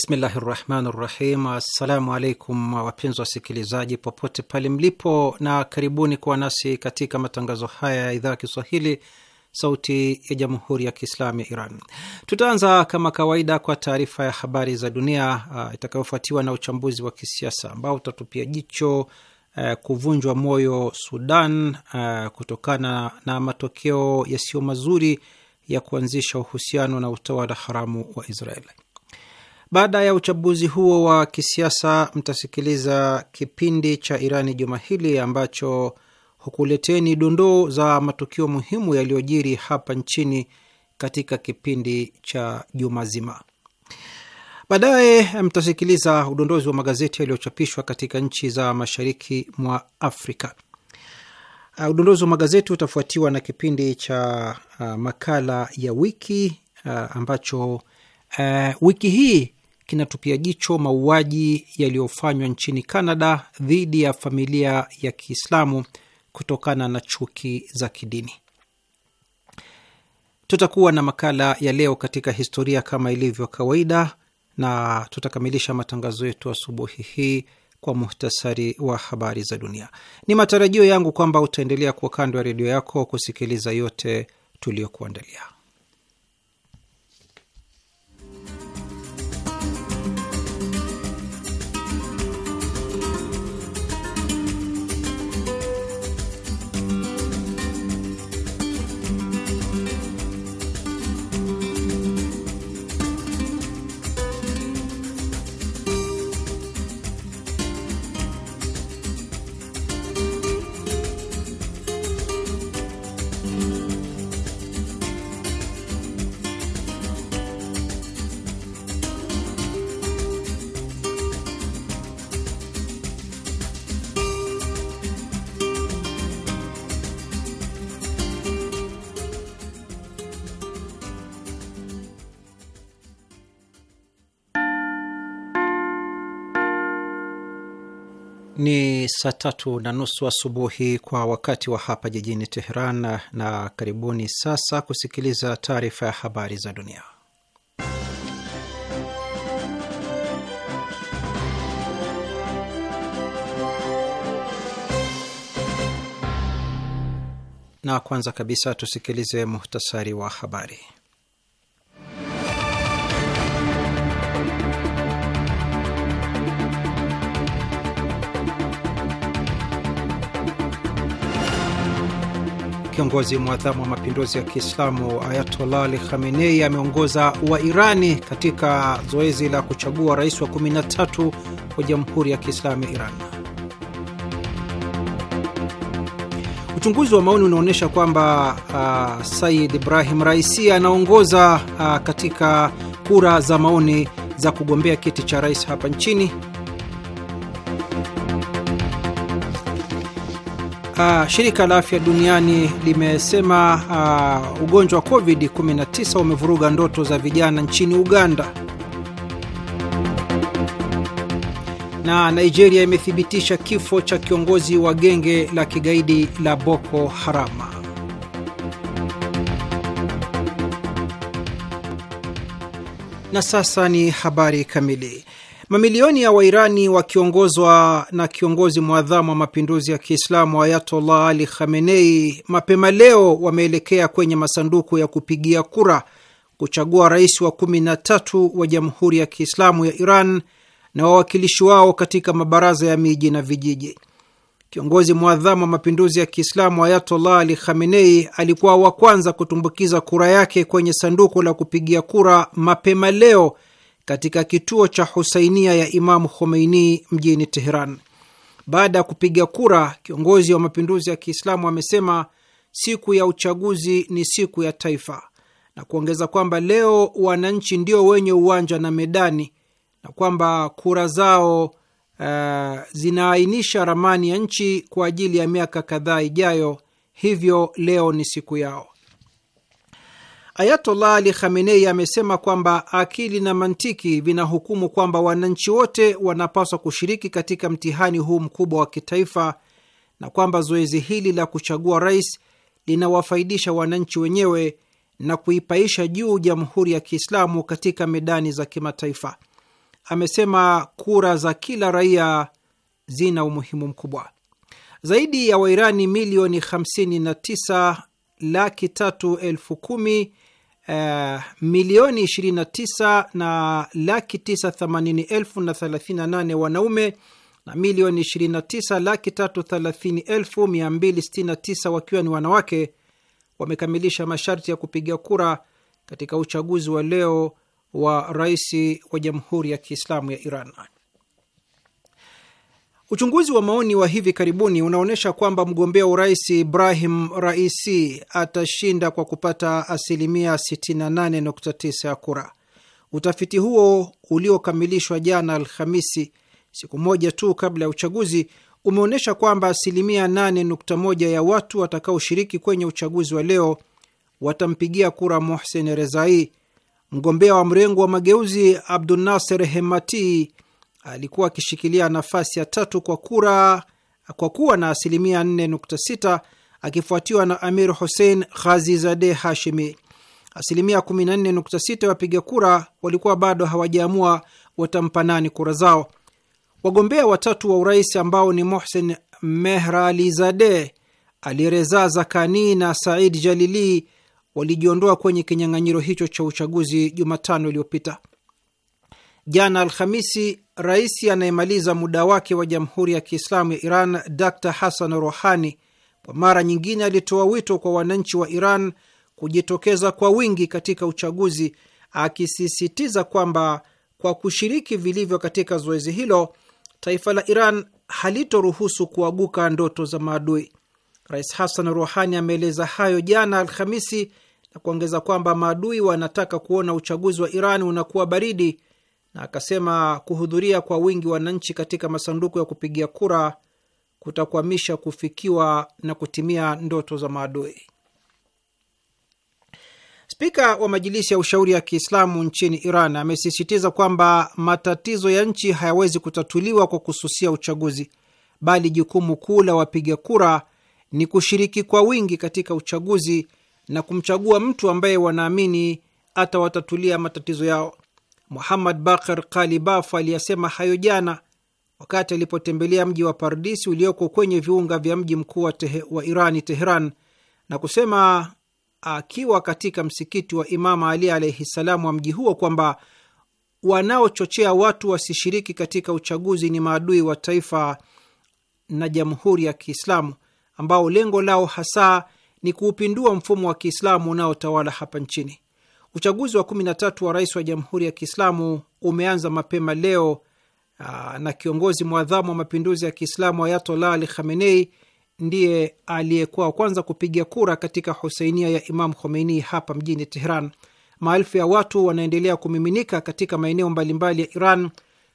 Bismillahi rahmani rahim. Assalamu alaikum wapenzi wasikilizaji popote pale mlipo, na karibuni kuwa nasi katika matangazo haya ya idhaa ya Kiswahili sauti ya jamhuri ya Kiislamu ya Iran. Tutaanza kama kawaida kwa taarifa ya habari za dunia uh, itakayofuatiwa na uchambuzi wa kisiasa ambao utatupia jicho uh, kuvunjwa moyo Sudan uh, kutokana na matokeo yasiyo mazuri ya kuanzisha uhusiano na utawala haramu wa Israeli. Baada ya uchambuzi huo wa kisiasa, mtasikiliza kipindi cha Irani juma hili ambacho hukuleteni dondoo za matukio muhimu yaliyojiri hapa nchini katika kipindi cha juma zima. Baadaye mtasikiliza udondozi wa magazeti yaliyochapishwa katika nchi za mashariki mwa Afrika. Uh, udondozi wa magazeti utafuatiwa na kipindi cha uh, makala ya wiki uh, ambacho uh, wiki hii kinatupia jicho mauaji yaliyofanywa nchini canada dhidi ya familia ya Kiislamu kutokana na chuki za kidini. Tutakuwa na makala ya leo katika historia kama ilivyo kawaida, na tutakamilisha matangazo yetu asubuhi hii kwa muhtasari wa habari za dunia. Ni matarajio yangu kwamba utaendelea kuwa kando ya redio yako kusikiliza yote tuliyokuandalia. saa tatu na nusu asubuhi wa kwa wakati wa hapa jijini Teheran, na karibuni sasa kusikiliza taarifa ya habari za dunia. Na kwanza kabisa tusikilize muhtasari wa habari. Kiongozi mwadhamu wa mapinduzi ya Kiislamu Ayatollah Ali Khamenei ameongoza Wairani katika zoezi la kuchagua rais wa 13 wa Jamhuri ya Kiislamu ya Iran. Uchunguzi wa maoni unaonyesha kwamba uh, Said Ibrahim Raisi anaongoza uh, katika kura za maoni za kugombea kiti cha rais hapa nchini Uh, shirika la afya duniani limesema uh, ugonjwa wa COVID-19 umevuruga ndoto za vijana nchini Uganda. Na Nigeria imethibitisha kifo cha kiongozi wa genge la kigaidi la Boko Haram. Na sasa ni habari kamili. Mamilioni ya Wairani wakiongozwa na kiongozi mwadhamu wa mapinduzi ya Kiislamu Ayatollah Ali Khamenei, mapema leo wameelekea kwenye masanduku ya kupigia kura kuchagua rais wa kumi na tatu wa Jamhuri ya Kiislamu ya Iran na wawakilishi wao katika mabaraza ya miji na vijiji. Kiongozi mwadhamu wa mapinduzi ya Kiislamu Ayatollah Ali Khamenei alikuwa wa kwanza kutumbukiza kura yake kwenye sanduku la kupigia kura mapema leo katika kituo cha Husainia ya Imamu Khomeini mjini Teheran. Baada ya kupiga kura, kiongozi wa mapinduzi ya Kiislamu amesema siku ya uchaguzi ni siku ya taifa, na kuongeza kwamba leo wananchi ndio wenye uwanja na medani, na kwamba kura zao uh, zinaainisha ramani ya nchi kwa ajili ya miaka kadhaa ijayo, hivyo leo ni siku yao. Ayatollah Ali Khamenei amesema kwamba akili na mantiki vinahukumu kwamba wananchi wote wanapaswa kushiriki katika mtihani huu mkubwa wa kitaifa na kwamba zoezi hili la kuchagua rais linawafaidisha wananchi wenyewe na kuipaisha juu Jamhuri ya Kiislamu katika medani za kimataifa. Amesema kura za kila raia zina umuhimu mkubwa. Zaidi ya Wairani milioni 59 laki tatu elfu kumi Eh, milioni 29 na laki 980,038 wanaume na milioni 29 laki 330,269 wakiwa ni wanawake wamekamilisha masharti ya kupiga kura katika uchaguzi wa leo wa rais wa Jamhuri ya Kiislamu ya Iran. Uchunguzi wa maoni wa hivi karibuni unaonyesha kwamba mgombea urais Ibrahim Raisi atashinda kwa kupata asilimia 68.9 ya kura. Utafiti huo uliokamilishwa jana Alhamisi, siku moja tu kabla ya uchaguzi, umeonyesha kwamba asilimia 8.1 ya watu watakaoshiriki kwenye uchaguzi wa leo watampigia kura Mohsen Rezai, mgombea wa mrengo wa mageuzi Abdunaser Hemati alikuwa akishikilia nafasi ya tatu kwa kura kwa kuwa na asilimia 4.6 akifuatiwa na Amir Hussein Ghazizadeh Hashimi. Asilimia 14.6 ya wapiga kura walikuwa bado hawajaamua watampa nani kura zao. Wagombea watatu wa urais ambao ni Mohsen Mehralizadeh, Alireza Zakani na Said Jalili walijiondoa kwenye kinyang'anyiro hicho cha uchaguzi Jumatano iliyopita. Jana Alhamisi, rais anayemaliza muda wake wa Jamhuri ya Kiislamu ya Iran Dr Hassan Rohani kwa mara nyingine alitoa wito kwa wananchi wa Iran kujitokeza kwa wingi katika uchaguzi, akisisitiza kwamba kwa kushiriki vilivyo katika zoezi hilo taifa la Iran halitoruhusu kuaguka ndoto za maadui. Rais Hassan Rohani ameeleza hayo jana Alhamisi na kuongeza kwamba maadui wanataka kuona uchaguzi wa Iran unakuwa baridi na akasema kuhudhuria kwa wingi wananchi katika masanduku ya kupigia kura kutakwamisha kufikiwa na kutimia ndoto za maadui. Spika wa Majilisi ya Ushauri ya Kiislamu nchini Iran amesisitiza kwamba matatizo ya nchi hayawezi kutatuliwa kwa kususia uchaguzi, bali jukumu kuu la wapiga kura ni kushiriki kwa wingi katika uchaguzi na kumchagua mtu ambaye wanaamini atawatatulia matatizo yao. Muhammad Bakar Kalibaf aliyasema hayo jana wakati alipotembelea mji wa Pardisi ulioko kwenye viunga vya mji mkuu wa, wa Irani, Teheran, na kusema akiwa katika msikiti wa Imama Ali alaihi ssalam wa mji huo kwamba wanaochochea watu wasishiriki katika uchaguzi ni maadui wa taifa na jamhuri ya Kiislamu ambao lengo lao hasa ni kuupindua mfumo wa Kiislamu unaotawala hapa nchini. Uchaguzi wa 13 wa rais wa Jamhuri ya Kiislamu umeanza mapema leo ah, na kiongozi mwadhamu wa mapinduzi ya Kiislamu Ayatollah Ali Khamenei ndiye aliyekuwa wa kwanza kupiga kura katika husainia ya Imam Khomeini hapa mjini Teheran. Maelfu ya watu wanaendelea kumiminika katika maeneo mbalimbali ya Iran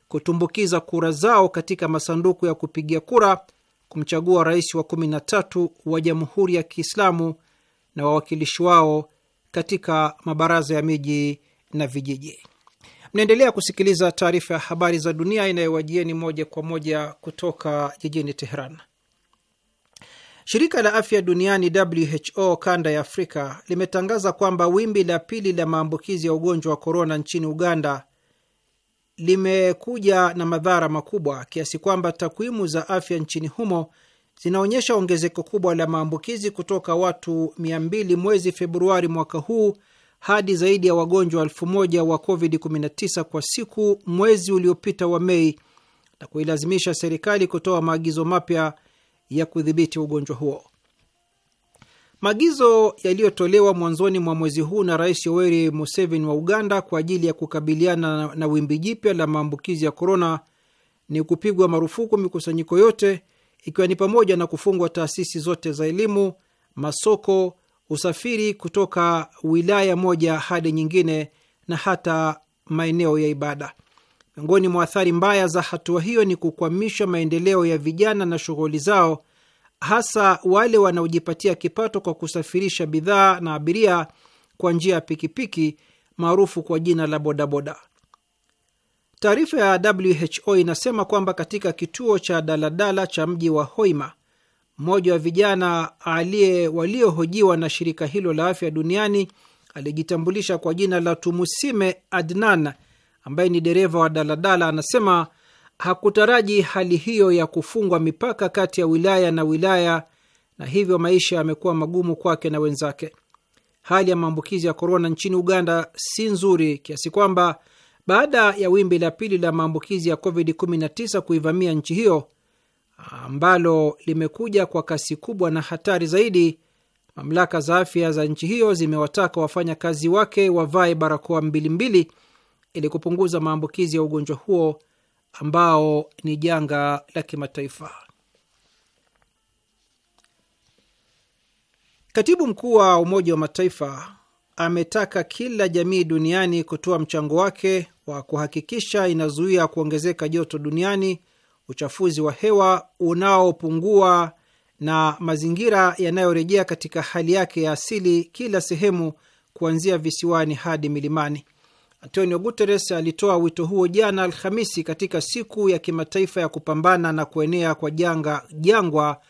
kutumbukiza kura zao katika masanduku ya kupigia kura kumchagua rais wa 13 wa Jamhuri ya Kiislamu na wawakilishi wao katika mabaraza ya miji na vijiji. Mnaendelea kusikiliza taarifa ya habari za dunia inayowajieni moja kwa moja kutoka jijini Teheran. Shirika la afya duniani WHO kanda ya Afrika limetangaza kwamba wimbi la pili la maambukizi ya ugonjwa wa korona nchini Uganda limekuja na madhara makubwa kiasi kwamba takwimu za afya nchini humo zinaonyesha ongezeko kubwa la maambukizi kutoka watu 200 mwezi Februari mwaka huu hadi zaidi ya wagonjwa elfu moja wa COVID-19 kwa siku mwezi uliopita wa Mei na kuilazimisha serikali kutoa maagizo mapya ya kudhibiti ugonjwa huo. Maagizo yaliyotolewa mwanzoni mwa mwezi huu na Rais Yoweri Museveni wa Uganda kwa ajili ya kukabiliana na wimbi jipya la maambukizi ya korona ni kupigwa marufuku mikusanyiko yote ikiwa ni pamoja na kufungwa taasisi zote za elimu, masoko, usafiri kutoka wilaya moja hadi nyingine na hata maeneo ya ibada. Miongoni mwa athari mbaya za hatua hiyo ni kukwamisha maendeleo ya vijana na shughuli zao, hasa wale wanaojipatia kipato kwa kusafirisha bidhaa na abiria kwa njia ya pikipiki maarufu kwa jina la bodaboda. Taarifa ya WHO inasema kwamba katika kituo cha daladala cha mji wa Hoima, mmoja wa vijana aliye waliohojiwa na shirika hilo la afya duniani alijitambulisha kwa jina la Tumusime Adnan, ambaye ni dereva wa daladala. Anasema hakutaraji hali hiyo ya kufungwa mipaka kati ya wilaya na wilaya, na hivyo maisha yamekuwa magumu kwake na wenzake. Hali ya maambukizi ya korona nchini Uganda si nzuri kiasi kwamba baada ya wimbi la pili la maambukizi ya COVID-19 kuivamia nchi hiyo ambalo limekuja kwa kasi kubwa na hatari zaidi, mamlaka za afya za nchi hiyo zimewataka wafanyakazi wake wavae barakoa mbili mbili ili kupunguza maambukizi ya ugonjwa huo ambao ni janga la kimataifa. Katibu mkuu wa Umoja wa Mataifa ametaka kila jamii duniani kutoa mchango wake wa kuhakikisha inazuia kuongezeka joto duniani, uchafuzi wa hewa unaopungua na mazingira yanayorejea katika hali yake ya asili kila sehemu, kuanzia visiwani hadi milimani. Antonio Guterres alitoa wito huo jana Alhamisi katika siku ya kimataifa ya kupambana na kuenea kwa janga jangwa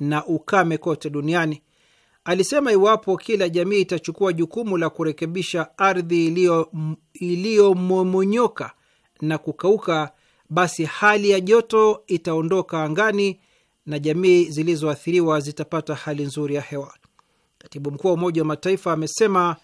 na ukame kote duniani. Alisema iwapo kila jamii itachukua jukumu la kurekebisha ardhi iliyomomonyoka na kukauka, basi hali ya joto itaondoka angani na jamii zilizoathiriwa zitapata hali nzuri ya hewa. Katibu mkuu wa Umoja wa Mataifa amesema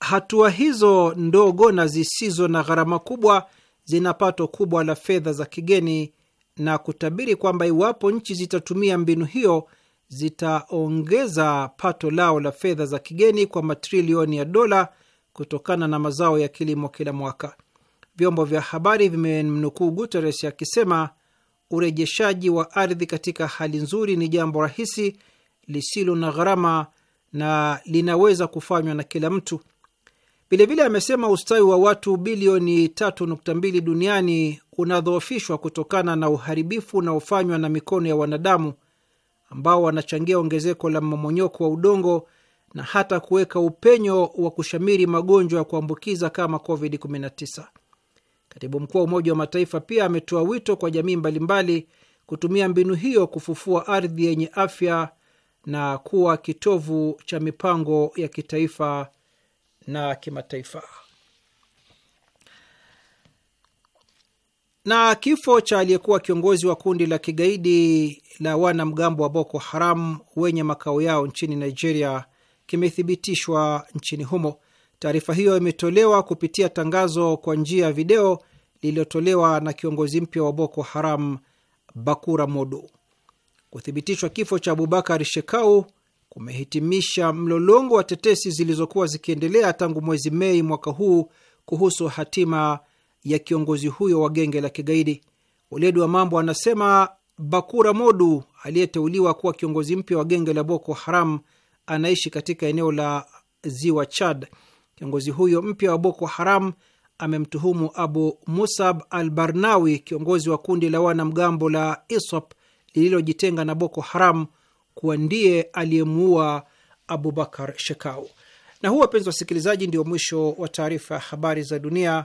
hatua hizo ndogo na zisizo na gharama kubwa zina pato kubwa la fedha za kigeni na kutabiri kwamba iwapo nchi zitatumia mbinu hiyo zitaongeza pato lao la fedha za kigeni kwa matrilioni ya dola kutokana na mazao ya kilimo kila mwaka. Vyombo vya habari vimemnukuu Guterres akisema urejeshaji wa ardhi katika hali nzuri ni jambo rahisi lisilo na gharama na linaweza kufanywa na kila mtu. Vilevile amesema ustawi wa watu bilioni 3.2 duniani unadhoofishwa kutokana na uharibifu unaofanywa na mikono ya wanadamu ambao wanachangia ongezeko la mmomonyoko wa udongo na hata kuweka upenyo wa kushamiri magonjwa ya kuambukiza kama COVID-19. Katibu mkuu wa Umoja wa Mataifa pia ametoa wito kwa jamii mbalimbali kutumia mbinu hiyo kufufua ardhi yenye afya na kuwa kitovu cha mipango ya kitaifa na kimataifa. Na kifo cha aliyekuwa kiongozi wa kundi la kigaidi la wanamgambo wa Boko Haram wenye makao yao nchini Nigeria kimethibitishwa nchini humo. Taarifa hiyo imetolewa kupitia tangazo kwa njia ya video lililotolewa na kiongozi mpya wa Boko Haram Bakura Modu. Kuthibitishwa kifo cha Abubakar Shekau kumehitimisha mlolongo wa tetesi zilizokuwa zikiendelea tangu mwezi Mei mwaka huu kuhusu hatima ya kiongozi huyo wa genge la kigaidi. Weledi wa mambo anasema Bakura Modu aliyeteuliwa kuwa kiongozi mpya wa genge la Boko Haram anaishi katika eneo la ziwa Chad. Kiongozi huyo mpya wa Boko Haram amemtuhumu Abu Musab al Barnawi, kiongozi wa kundi la wanamgambo la ISWAP lililojitenga na Boko Haram, kuwa ndiye aliyemuua Abubakar Shekau. Na huu, wapenzi wasikilizaji, ndio mwisho wa taarifa ya habari za dunia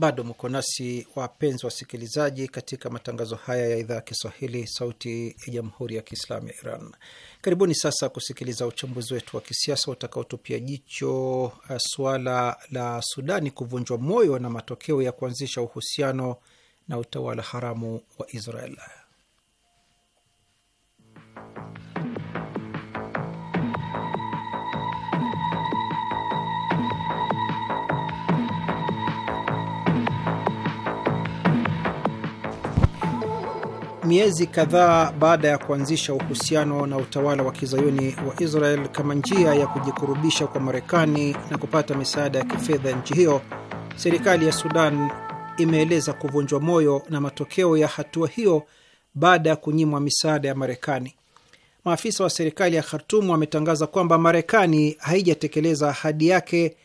Bado mko nasi wapenzi wasikilizaji, katika matangazo haya ya idhaa ya Kiswahili, sauti ya jamhuri ya kiislamu ya Iran. Karibuni sasa kusikiliza uchambuzi wetu wa kisiasa utakaotupia jicho eh, suala la Sudani kuvunjwa moyo na matokeo ya kuanzisha uhusiano na utawala haramu wa Israel. miezi kadhaa baada ya kuanzisha uhusiano na utawala wa kizayuni wa Israel kama njia ya kujikurubisha kwa Marekani na kupata misaada ya kifedha nchi hiyo, serikali ya Sudan imeeleza kuvunjwa moyo na matokeo ya hatua hiyo baada ya kunyimwa misaada ya Marekani. Maafisa wa serikali ya Khartum wametangaza kwamba Marekani haijatekeleza ahadi yake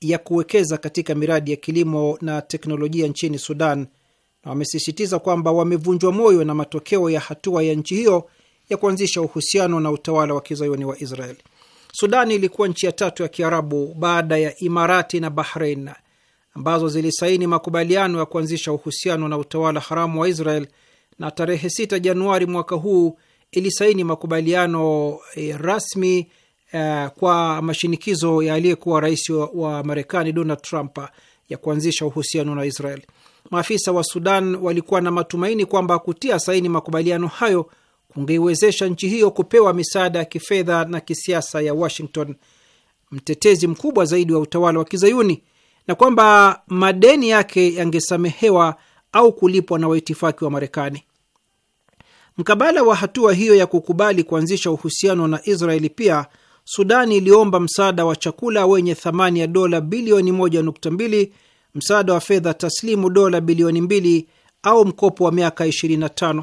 ya kuwekeza katika miradi ya kilimo na teknolojia nchini Sudan na wamesisitiza kwamba wamevunjwa moyo na matokeo ya hatua ya nchi hiyo ya kuanzisha uhusiano na utawala wa kizayoni wa israel Sudani ilikuwa nchi ya tatu ya Kiarabu baada ya Imarati na Bahrein ambazo zilisaini makubaliano ya kuanzisha uhusiano na utawala haramu wa Israel na tarehe 6 Januari mwaka huu ilisaini makubaliano eh, rasmi eh, kwa mashinikizo ya aliyekuwa rais wa Marekani Donald Trump ya kuanzisha uhusiano na Israel maafisa wa Sudan walikuwa na matumaini kwamba kutia saini makubaliano hayo kungeiwezesha nchi hiyo kupewa misaada ya kifedha na kisiasa ya Washington, mtetezi mkubwa zaidi wa utawala wa Kizayuni, na kwamba madeni yake yangesamehewa au kulipwa na waitifaki wa Marekani. Mkabala wa hatua hiyo ya kukubali kuanzisha uhusiano na Israeli, pia Sudani iliomba msaada wa chakula wenye thamani ya dola bilioni 1.2 msaada wa fedha taslimu dola bilioni mbili au mkopo wa miaka 25.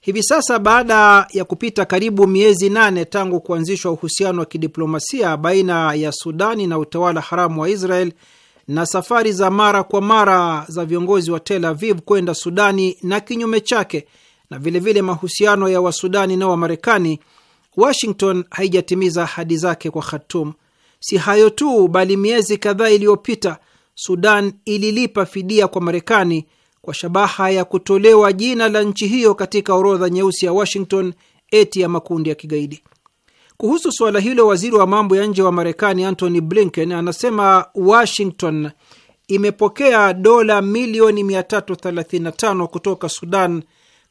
Hivi sasa baada ya kupita karibu miezi nane tangu kuanzishwa uhusiano wa kidiplomasia baina ya Sudani na utawala haramu wa Israel na safari za mara kwa mara za viongozi wa Tel Aviv kwenda Sudani na kinyume chake, na vilevile vile mahusiano ya Wasudani na Wamarekani, Washington haijatimiza ahadi zake kwa Khartoum. Si hayo tu, bali miezi kadhaa iliyopita Sudan ililipa fidia kwa Marekani kwa shabaha ya kutolewa jina la nchi hiyo katika orodha nyeusi ya Washington eti ya makundi ya kigaidi. Kuhusu suala hilo, waziri wa mambo ya nje wa Marekani Antony Blinken anasema Washington imepokea dola milioni 335 kutoka Sudan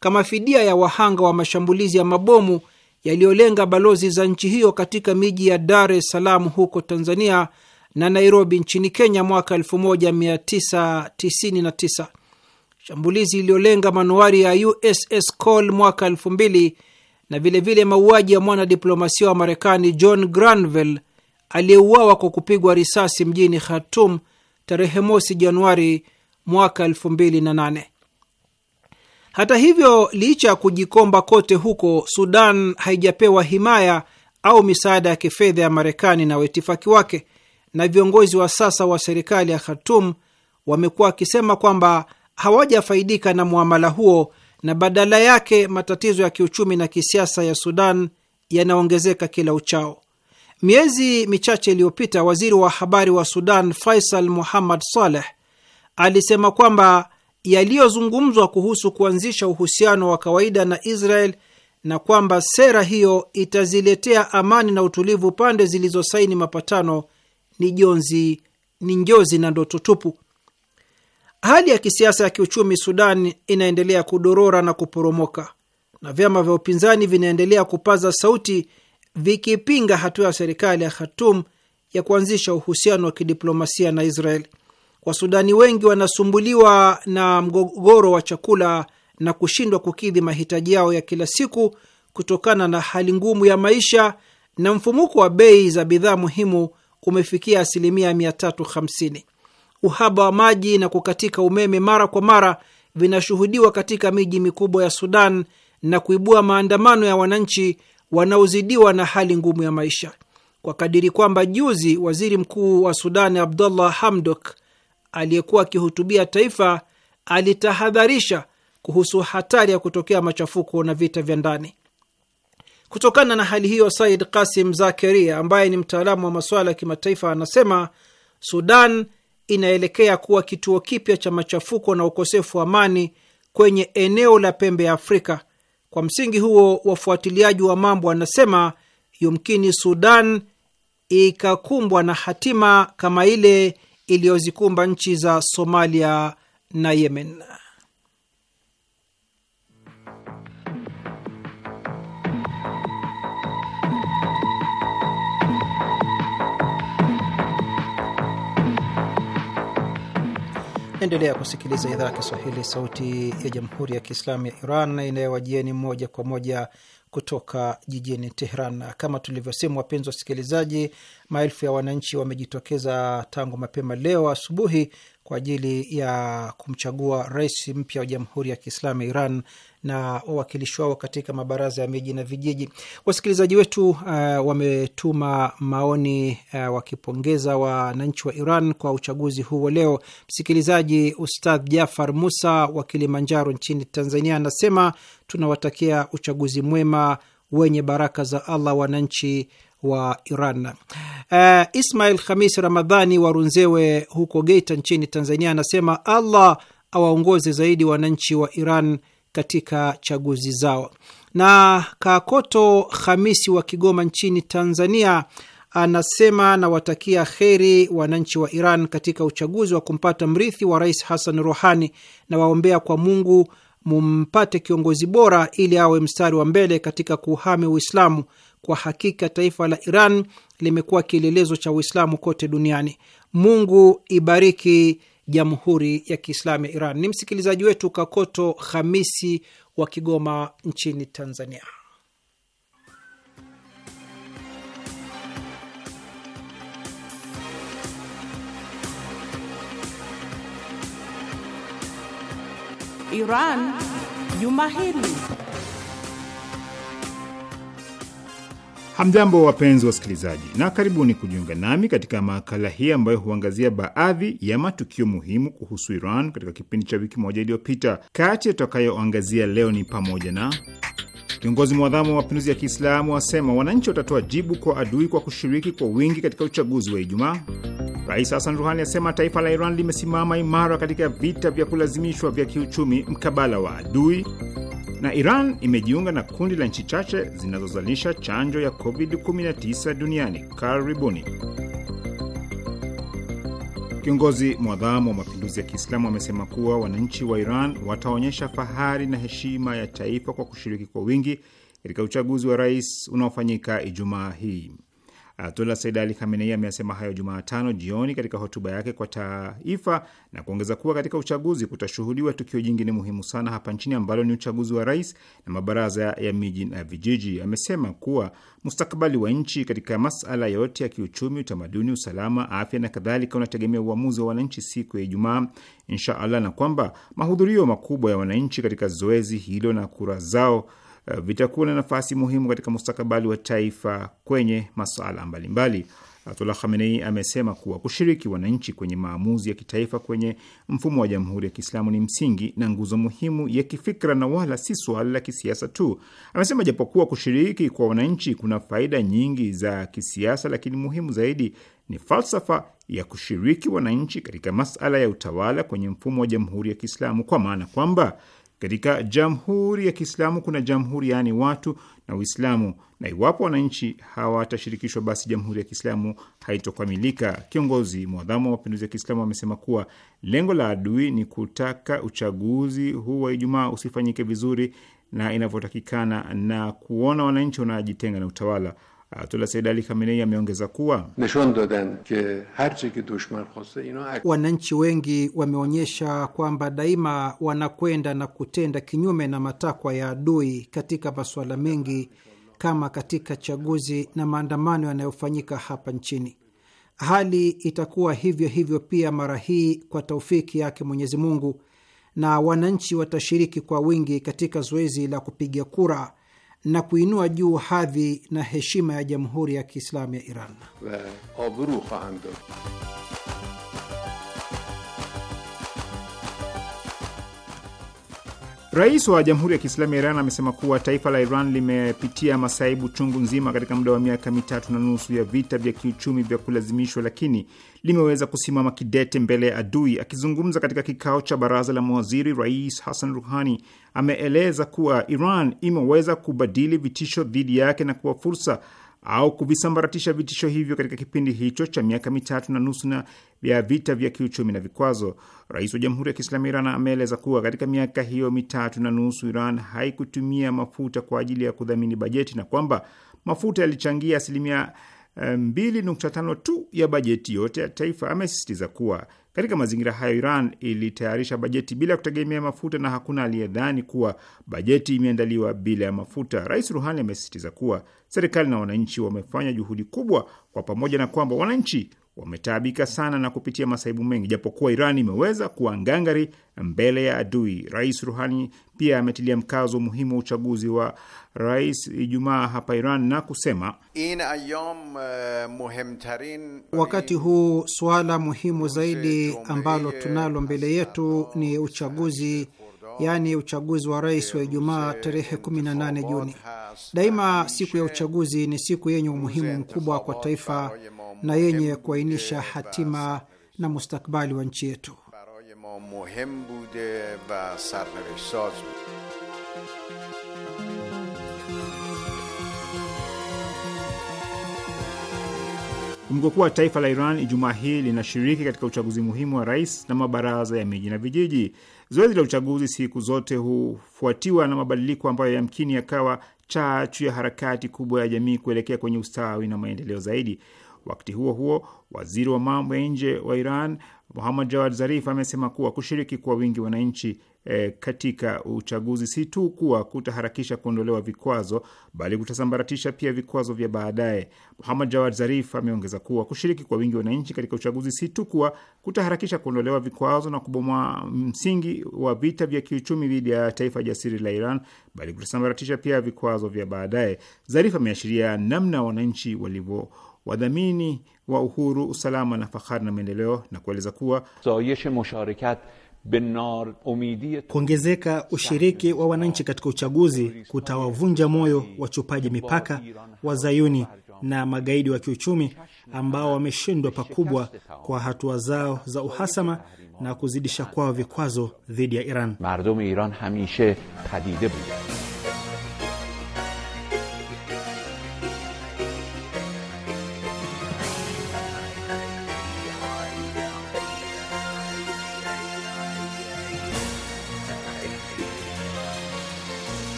kama fidia ya wahanga wa mashambulizi ya mabomu yaliyolenga balozi za nchi hiyo katika miji ya Dar es Salaam huko Tanzania na Nairobi nchini Kenya mwaka 1999. Shambulizi iliyolenga manuari ya USS Cole mwaka 2000 na vilevile mauaji ya mwanadiplomasia wa Marekani John Granville aliyeuawa kwa kupigwa risasi mjini Khartoum tarehe mosi Januari mwaka 2008. Hata hivyo, licha ya kujikomba kote huko, Sudan haijapewa himaya au misaada ya kifedha ya Marekani na waitifaki wake na viongozi wa sasa wa serikali ya Khartum wamekuwa wakisema kwamba hawajafaidika na muamala huo na badala yake matatizo ya kiuchumi na kisiasa ya Sudan yanaongezeka kila uchao. Miezi michache iliyopita, waziri wa habari wa Sudan Faisal Muhammad Saleh alisema kwamba yaliyozungumzwa kuhusu kuanzisha uhusiano wa kawaida na Israel na kwamba sera hiyo itaziletea amani na utulivu pande zilizosaini mapatano ni jonzi, ni njozi na ndoto tupu. Hali ya kisiasa ya kiuchumi Sudan inaendelea kudorora na kuporomoka, na vyama vya upinzani vinaendelea kupaza sauti vikipinga hatua ya serikali ya Khartoum ya kuanzisha uhusiano wa kidiplomasia na Israel. Wasudani wengi wanasumbuliwa na mgogoro wa chakula na kushindwa kukidhi mahitaji yao ya kila siku kutokana na hali ngumu ya maisha na mfumuko wa bei za bidhaa muhimu umefikia asilimia 350. Uhaba wa maji na kukatika umeme mara kwa mara vinashuhudiwa katika miji mikubwa ya Sudan na kuibua maandamano ya wananchi wanaozidiwa na hali ngumu ya maisha, kwa kadiri kwamba juzi waziri mkuu wa Sudan Abdullah Hamdok aliyekuwa akihutubia taifa alitahadharisha kuhusu hatari ya kutokea machafuko na vita vya ndani. Kutokana na hali hiyo, Said Kasim Zakaria ambaye ni mtaalamu wa masuala ya kimataifa anasema Sudan inaelekea kuwa kituo kipya cha machafuko na ukosefu wa amani kwenye eneo la pembe ya Afrika. Kwa msingi huo, wafuatiliaji wa mambo wanasema yumkini Sudan ikakumbwa na hatima kama ile iliyozikumba nchi za Somalia na Yemen. Naendelea kusikiliza idhaa ya Kiswahili, sauti ya jamhuri ya kiislamu ya Iran inayowajieni moja kwa moja kutoka jijini Tehran. Kama tulivyosema, wapenzi wasikilizaji, maelfu ya wananchi wamejitokeza tangu mapema leo asubuhi kwa ajili ya kumchagua rais mpya wa Jamhuri ya Kiislamu ya Iran na wawakilishi wao katika mabaraza ya miji na vijiji. Wasikilizaji wetu uh, wametuma maoni uh, wakipongeza wananchi wa Iran kwa uchaguzi huu wa leo. Msikilizaji Ustadh Jafar Musa wa Kilimanjaro nchini Tanzania anasema tunawatakia uchaguzi mwema wenye baraka za Allah wananchi wa Iran. Uh, Ismail Khamis Ramadhani wa Runzewe huko Geita nchini Tanzania anasema Allah awaongoze zaidi wananchi wa Iran katika chaguzi zao. Na Kakoto Khamisi wa Kigoma nchini Tanzania anasema nawatakia kheri wananchi wa Iran katika uchaguzi wa kumpata mrithi wa Rais Hassan Rohani, na waombea kwa Mungu mumpate kiongozi bora ili awe mstari wa mbele katika kuhame Uislamu kwa hakika taifa la Iran limekuwa kielelezo cha Uislamu kote duniani. Mungu ibariki Jamhuri ya Kiislamu ya Iran. Ni msikilizaji wetu Kakoto Hamisi wa Kigoma nchini Tanzania. Iran Juma hili Hamjambo, wapenzi wasikilizaji, na karibuni kujiunga nami katika makala hii ambayo huangazia baadhi ya matukio muhimu kuhusu Iran katika kipindi cha wiki moja iliyopita. Kati yatakayoangazia leo ni pamoja na Kiongozi mwadhamu wa mapinduzi ya Kiislamu asema wananchi watatoa jibu kwa adui kwa kushiriki kwa wingi katika uchaguzi wa Ijumaa. Rais Hasan Ruhani asema taifa la Iran limesimama imara katika vita vya kulazimishwa vya kiuchumi mkabala wa adui, na Iran imejiunga na kundi la nchi chache zinazozalisha chanjo ya COVID-19 duniani. Karibuni. Kiongozi mwadhamu wa mapinduzi ya Kiislamu amesema kuwa wananchi wa Iran wataonyesha fahari na heshima ya taifa kwa kushiriki kwa wingi katika uchaguzi wa rais unaofanyika Ijumaa hii. Ayatullah Said Ali Khamenei ameyasema hayo Jumatano jioni katika hotuba yake kwa taifa na kuongeza kuwa katika uchaguzi kutashuhudiwa tukio jingine muhimu sana hapa nchini ambalo ni uchaguzi wa rais na mabaraza ya miji na vijiji. Amesema kuwa mustakabali wa nchi katika masala yote ya kiuchumi, utamaduni, usalama, afya na kadhalika unategemea uamuzi wa wananchi siku ya Ijumaa insha Allah, na kwamba mahudhurio makubwa ya wananchi katika zoezi hilo na kura zao Eh, vitakuwa na nafasi muhimu katika mustakabali wa taifa kwenye masuala mbalimbali. Ayatullah Khamenei amesema kuwa kushiriki wananchi kwenye maamuzi ya kitaifa kwenye mfumo wa Jamhuri ya Kiislamu ni msingi na nguzo muhimu ya kifikra na wala si suala la kisiasa tu. Amesema japokuwa kushiriki kwa wananchi kuna faida nyingi za kisiasa, lakini muhimu zaidi ni falsafa ya kushiriki wananchi katika masala ya utawala kwenye mfumo wa Jamhuri ya Kiislamu, kwa maana kwamba katika jamhuri ya Kiislamu kuna jamhuri, yaani watu na Uislamu, na iwapo wananchi hawatashirikishwa, basi jamhuri ya Kiislamu haitokamilika. Kiongozi mwadhamu wa mapinduzi ya Kiislamu amesema kuwa lengo la adui ni kutaka uchaguzi huu wa Ijumaa usifanyike vizuri na inavyotakikana na kuona wananchi wanajitenga na utawala. Ayatullah Said Ali Khamenei ameongeza kuwa wananchi wengi wameonyesha kwamba daima wanakwenda na kutenda kinyume na matakwa ya adui katika masuala mengi kama katika chaguzi na maandamano yanayofanyika hapa nchini. Hali itakuwa hivyo hivyo pia mara hii kwa taufiki yake Mwenyezi Mungu, na wananchi watashiriki kwa wingi katika zoezi la kupiga kura na kuinua juu hadhi na heshima ya Jamhuri ya Kiislamu ya Iran. Rais wa Jamhuri ya Kiislamu ya Iran amesema kuwa taifa la Iran limepitia masaibu chungu nzima katika muda wa miaka mitatu na nusu ya vita vya kiuchumi vya kulazimishwa, lakini limeweza kusimama kidete mbele ya adui. Akizungumza katika kikao cha baraza la mawaziri, Rais Hassan Ruhani ameeleza kuwa Iran imeweza kubadili vitisho dhidi yake na kuwa fursa au kuvisambaratisha vitisho hivyo katika kipindi hicho cha miaka mitatu na nusu na vya vita vya kiuchumi na vikwazo. Rais wa Jamhuri ya Kiislamu Iran ameeleza kuwa katika miaka hiyo mitatu na nusu Iran haikutumia mafuta kwa ajili ya kudhamini bajeti na kwamba mafuta yalichangia asilimia 2.5 eh, tu ya bajeti yote ya taifa. Amesisitiza kuwa katika mazingira hayo, Iran ilitayarisha bajeti bila kutegemea mafuta na hakuna aliyedhani kuwa bajeti imeandaliwa bila ya mafuta. Rais Ruhani amesisitiza kuwa serikali na wananchi wamefanya juhudi kubwa kwa pamoja na kwamba wananchi wametaabika sana na kupitia masaibu mengi. Japokuwa Iran imeweza kuwa ngangari mbele ya adui, Rais Ruhani pia ametilia mkazo umuhimu wa uchaguzi wa rais Ijumaa hapa Iran na kusema in ayom, uh, muhimtarin... wakati uh, huu suala muhimu zaidi ambalo uh, tunalo mbele yetu ni uh, uchaguzi yaani uchaguzi wa rais wa Ijumaa tarehe 18 Juni. Daima siku ya uchaguzi ni siku yenye umuhimu mkubwa kwa taifa na yenye kuainisha hatima na mustakbali wa nchi yetu. Kumbuka kuwa taifa la Iran Ijumaa hii linashiriki katika uchaguzi muhimu wa rais na mabaraza ya miji na vijiji. Zoezi la uchaguzi siku zote hufuatiwa na mabadiliko ambayo yamkini yakawa chachu ya harakati kubwa ya jamii kuelekea kwenye ustawi na maendeleo zaidi. Wakati huo huo, waziri wa mambo ya nje wa Iran Muhammad Jawad Zarif amesema kuwa kushiriki kwa wingi wananchi e, katika uchaguzi si tu kuwa kutaharakisha kuondolewa vikwazo bali kutasambaratisha pia vikwazo vya baadaye. Muhammad Jawad Zarif ameongeza kuwa kushiriki kwa wingi wananchi katika uchaguzi si tu kuwa kutaharakisha kuondolewa vikwazo na kubomoa msingi wa vita vya kiuchumi dhidi ya taifa jasiri la Iran bali kutasambaratisha pia vikwazo vya baadaye. Zarif ameashiria namna wananchi walivyo wadhamini wa uhuru, usalama na fahari na maendeleo, na kueleza kuwa kuongezeka ushiriki wa wananchi katika uchaguzi kutawavunja moyo wachupaji mipaka, wazayuni na magaidi wa kiuchumi ambao wameshindwa pakubwa kwa hatua zao za uhasama na kuzidisha kwao vikwazo dhidi ya Iran.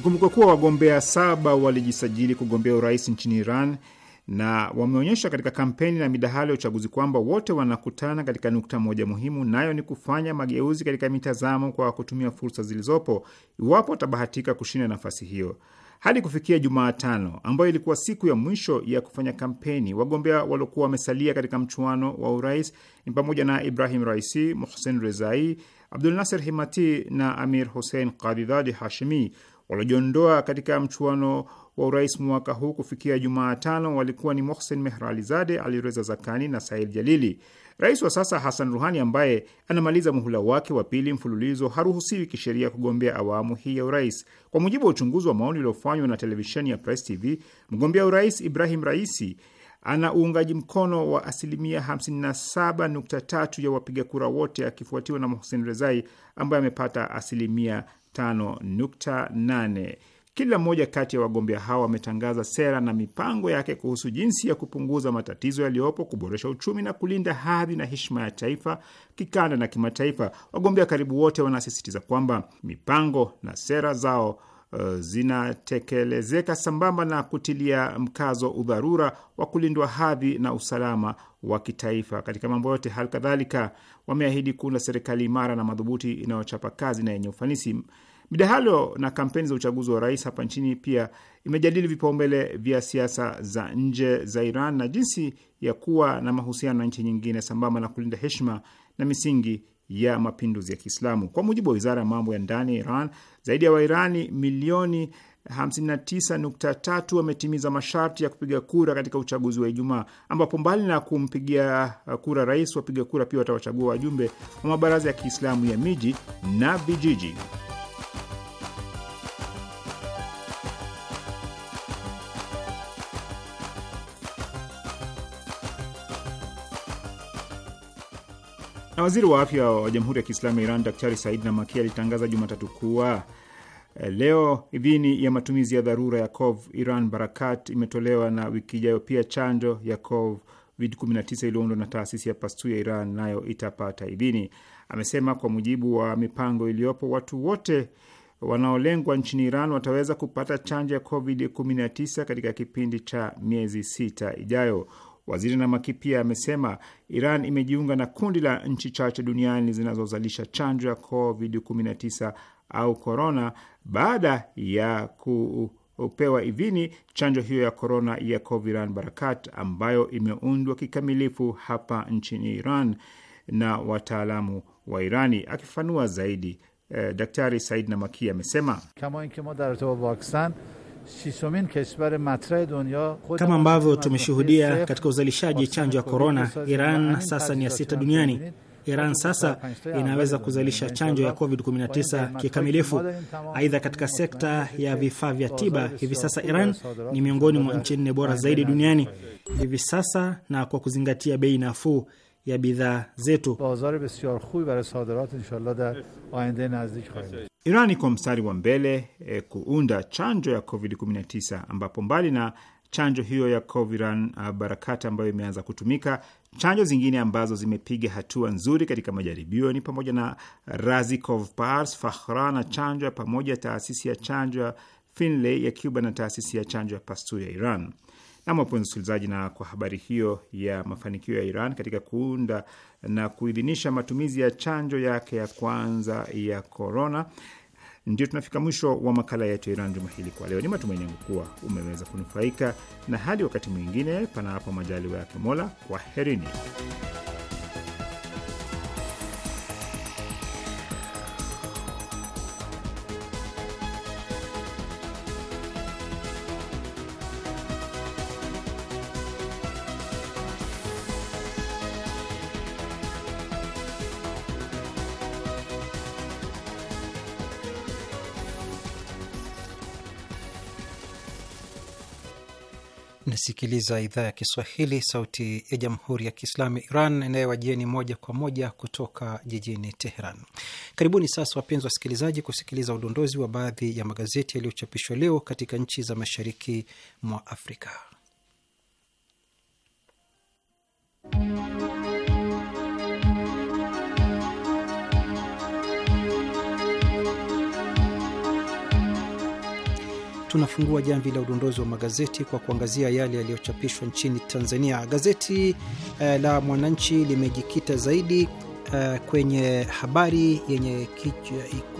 Ikumbukwe kuwa wagombea saba walijisajili kugombea urais nchini Iran na wameonyesha katika kampeni na midahalo ya uchaguzi kwamba wote wanakutana katika nukta moja muhimu, nayo ni kufanya mageuzi katika mitazamo kwa kutumia fursa zilizopo, iwapo watabahatika kushinda nafasi hiyo. Hadi kufikia Jumatano, ambayo ilikuwa siku ya mwisho ya kufanya kampeni, wagombea waliokuwa wamesalia katika mchuano wa urais ni pamoja na Ibrahim Raisi, Mohsen Rezai, Abdul Nasser Himati na Amir Hussein Kadhidhadi Hashimi Waliojiondoa katika mchuano wa urais mwaka huu kufikia Jumatano walikuwa ni Mohsen Mehralizade, Alireza Zakani na Said Jalili. Rais wa sasa Hasan Ruhani, ambaye anamaliza muhula wake wa pili mfululizo, haruhusiwi kisheria kugombea awamu hii ya urais. Kwa mujibu wa uchunguzi wa maoni uliofanywa na televisheni ya Press TV, mgombea urais Ibrahim Raisi ana uungaji mkono wa asilimia 57.3 ya wapiga kura wote, akifuatiwa na Mohsen Rezai ambaye amepata asilimia 5.8. Kila mmoja kati ya wagombea hao wametangaza sera na mipango yake kuhusu jinsi ya kupunguza matatizo yaliyopo, kuboresha uchumi na kulinda hadhi na heshima ya taifa kikanda na kimataifa. Wagombea karibu wote wanasisitiza kwamba mipango na sera zao Eh, zinatekelezeka sambamba na kutilia mkazo udharura wa kulindwa hadhi na usalama wa kitaifa katika mambo yote. Hali kadhalika wameahidi kuunda serikali imara na madhubuti inayochapa kazi na yenye ufanisi. Midahalo na kampeni za uchaguzi wa rais hapa nchini pia imejadili vipaumbele vya siasa za nje za Iran na jinsi ya kuwa na mahusiano na nchi nyingine sambamba na kulinda heshima na misingi ya mapinduzi ya Kiislamu. Kwa mujibu wa wizara ya mambo ya ndani ya Iran, zaidi ya Wairani milioni 59.3 wametimiza masharti ya kupiga kura katika uchaguzi wa Ijumaa, ambapo mbali na kumpigia uh, kura rais, wapiga kura pia watawachagua wajumbe wa mabaraza ya Kiislamu ya miji na vijiji. Na waziri wa afya wa Jamhuri ya Kiislamu ya Iran Daktari Said Namaki alitangaza Jumatatu kuwa eh, leo idhini ya matumizi ya dharura ya Cov Iran Barakat imetolewa na wiki ijayo pia chanjo ya Cov 19 iliyoundwa na taasisi ya Pastu ya Iran nayo itapata idhini. Amesema kwa mujibu wa mipango iliyopo, watu wote wanaolengwa nchini Iran wataweza kupata chanjo ya Covid 19 katika kipindi cha miezi sita ijayo. Waziri Namaki pia amesema Iran imejiunga na kundi la nchi chache duniani zinazozalisha chanjo ya COVID-19 au korona baada ya kupewa idhini chanjo hiyo ya korona ya Coviran Barakat ambayo imeundwa kikamilifu hapa nchini Iran na wataalamu wa Irani. Akifanua zaidi eh, Daktari Said Namaki amesema kama kama ambavyo tumeshuhudia katika uzalishaji chanjo ya korona, Iran sasa ni ya sita duniani. Iran sasa inaweza kuzalisha chanjo ya COVID-19 kikamilifu. Aidha, katika sekta ya vifaa vya tiba, hivi sasa Iran ni miongoni mwa nchi nne bora zaidi duniani hivi sasa, na kwa kuzingatia bei nafuu ya bidhaa zetu. Irani kwa mstari wa mbele e, kuunda chanjo ya COVID-19 ambapo mbali na chanjo hiyo ya Coviran uh, eh, Barakata ambayo imeanza kutumika, chanjo zingine ambazo zimepiga hatua nzuri katika majaribio ni pamoja na Razikov, Pars Fakhra na chanjo ya pamoja taasisi ya chanjo ya Finlay ya Cuba na taasisi ya chanjo ya Pasteur ya Iran. Nam, wapenzi msikilizaji, na kwa habari hiyo ya mafanikio ya Iran katika kuunda na kuidhinisha matumizi ya chanjo yake ya kwanza ya korona, ndio tunafika mwisho wa makala yetu ya Iran juma hili kwa leo. Ni matumaini yangu kuwa umeweza kunufaika, na hadi wakati mwingine, panapo majaliwa yake Mola, kwaherini. Nasikiliza idhaa ya Kiswahili, sauti ya jamhuri ya kiislamu ya Iran inayowajieni moja kwa moja kutoka jijini Teheran. Karibuni sasa, wapenzi wasikilizaji, kusikiliza udondozi wa baadhi ya magazeti yaliyochapishwa leo katika nchi za mashariki mwa Afrika. tunafungua jamvi la udondozi wa magazeti kwa kuangazia yale yaliyochapishwa nchini Tanzania. Gazeti eh, la Mwananchi limejikita zaidi eh, kwenye habari yenye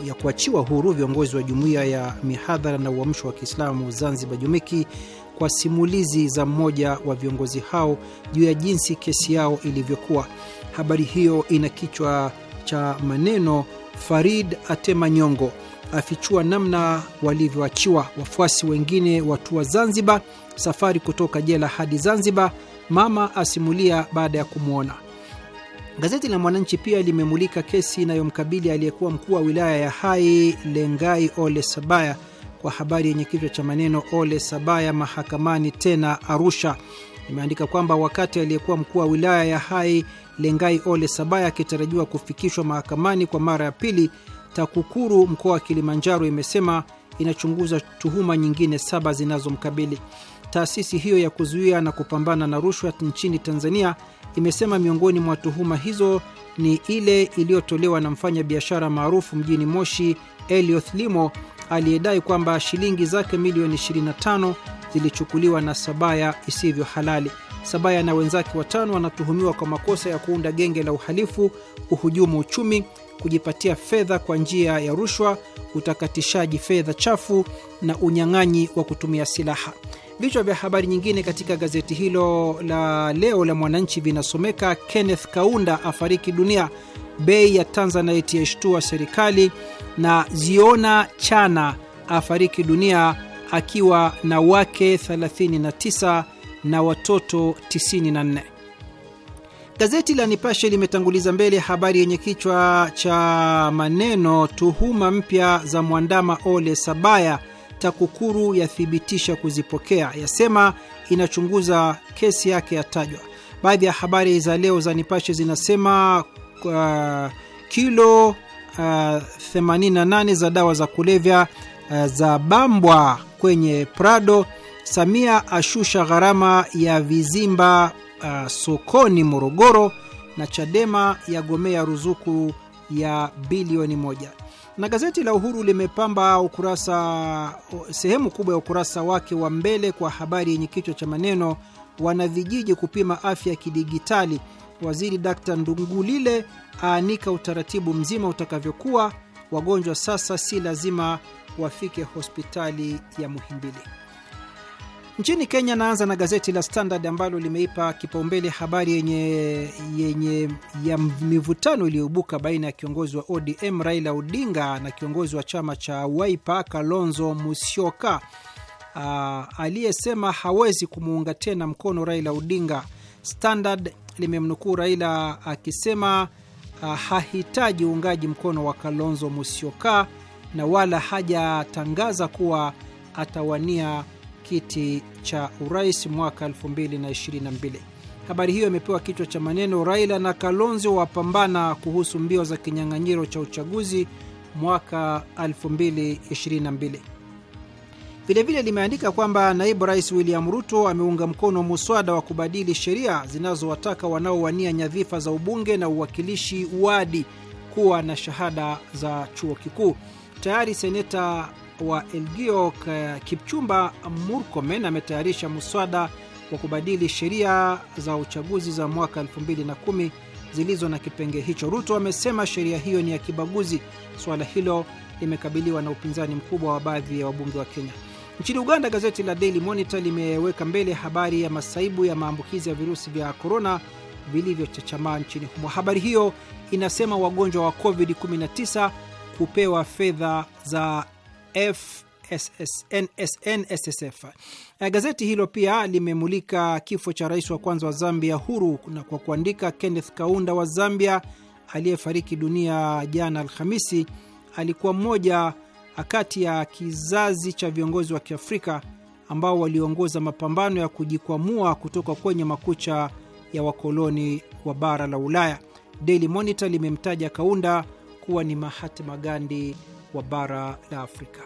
ya kuachiwa huru viongozi wa jumuiya ya mihadhara na uamsho wa Kiislamu Zanzibar, Jumiki, kwa simulizi za mmoja wa viongozi hao juu ya jinsi kesi yao ilivyokuwa. Habari hiyo ina kichwa cha maneno Farid atema nyongo afichua namna walivyoachiwa wafuasi wengine watua Zanzibar, safari kutoka jela hadi Zanzibar, mama asimulia baada ya kumwona. Gazeti la Mwananchi pia limemulika kesi inayomkabili aliyekuwa mkuu wa wilaya ya Hai Lengai Ole Sabaya kwa habari yenye kichwa cha maneno Ole Sabaya mahakamani tena Arusha. Imeandika kwamba wakati aliyekuwa mkuu wa wilaya ya Hai Lengai Ole Sabaya akitarajiwa kufikishwa mahakamani kwa mara ya pili, TAKUKURU mkoa wa Kilimanjaro imesema inachunguza tuhuma nyingine saba zinazomkabili. Taasisi hiyo ya kuzuia na kupambana na rushwa nchini Tanzania imesema miongoni mwa tuhuma hizo ni ile iliyotolewa na mfanya biashara maarufu mjini Moshi, Elioth Limo, aliyedai kwamba shilingi zake milioni 25 zilichukuliwa na Sabaya isivyo halali. Sabaya na wenzake watano wanatuhumiwa kwa makosa ya kuunda genge la uhalifu, kuhujumu uchumi, kujipatia fedha kwa njia ya rushwa, utakatishaji fedha chafu na unyang'anyi wa kutumia silaha. Vichwa vya habari nyingine katika gazeti hilo la leo la Mwananchi vinasomeka: Kenneth Kaunda afariki dunia, bei ya Tanzanite yashtua serikali, na Ziona Chana afariki dunia akiwa na wake 39 na watoto 94. Gazeti la Nipashe limetanguliza mbele habari yenye kichwa cha maneno tuhuma mpya za mwandama Ole Sabaya, TAKUKURU yathibitisha kuzipokea, yasema inachunguza kesi yake yatajwa. Baadhi ya habari za leo za Nipashe zinasema uh, kilo uh, 88 za dawa za kulevya uh, za bambwa kwenye Prado. Samia ashusha gharama ya vizimba uh, sokoni Morogoro, na Chadema yagomea ruzuku ya bilioni moja. Na gazeti la Uhuru limepamba ukurasa, sehemu kubwa ya ukurasa wake wa mbele kwa habari yenye kichwa cha maneno wanavijiji kupima afya ya kidigitali, waziri Dkt Ndungulile aanika utaratibu mzima utakavyokuwa, wagonjwa sasa si lazima wafike hospitali ya Muhimbili. Nchini Kenya, naanza na gazeti la Standard ambalo limeipa kipaumbele habari yenye, yenye ya mivutano iliyoibuka baina ya kiongozi wa ODM Raila Odinga na kiongozi wa chama cha Wiper Kalonzo Musyoka ah, aliyesema hawezi kumuunga tena mkono Raila Odinga. Standard limemnukuu Raila akisema ah, hahitaji uungaji mkono wa Kalonzo Musyoka na wala hajatangaza kuwa atawania kiti cha urais mwaka 2022. Habari hiyo imepewa kichwa cha maneno Raila na Kalonzo wapambana kuhusu mbio za kinyang'anyiro cha uchaguzi mwaka 2022. Vilevile limeandika kwamba naibu rais William Ruto ameunga mkono muswada wa kubadili sheria zinazowataka wanaowania nyadhifa za ubunge na uwakilishi wadi kuwa na shahada za chuo kikuu. Tayari seneta wa Elgeyo Kipchumba Murkomen ametayarisha muswada wa kubadili sheria za uchaguzi za mwaka 2010 zilizo na kipengee hicho. Ruto amesema sheria hiyo ni ya kibaguzi. Suala hilo limekabiliwa na upinzani mkubwa wa baadhi ya wabunge wa Kenya. Nchini Uganda, gazeti la Daily Monitor limeweka mbele habari ya masaibu ya maambukizi ya virusi vya korona vilivyochachamaa nchini humo. Habari hiyo inasema wagonjwa wa COVID-19 kupewa fedha za NSSF. Eh, gazeti hilo pia limemulika kifo cha rais wa kwanza wa Zambia huru na kwa kuandika, Kenneth Kaunda wa Zambia aliyefariki dunia jana Alhamisi alikuwa mmoja kati ya kizazi cha viongozi wa Kiafrika ambao waliongoza mapambano ya kujikwamua kutoka kwenye makucha ya wakoloni wa bara la Ulaya. Daily Monitor limemtaja Kaunda kuwa ni Mahatma Gandhi wa bara la Afrika.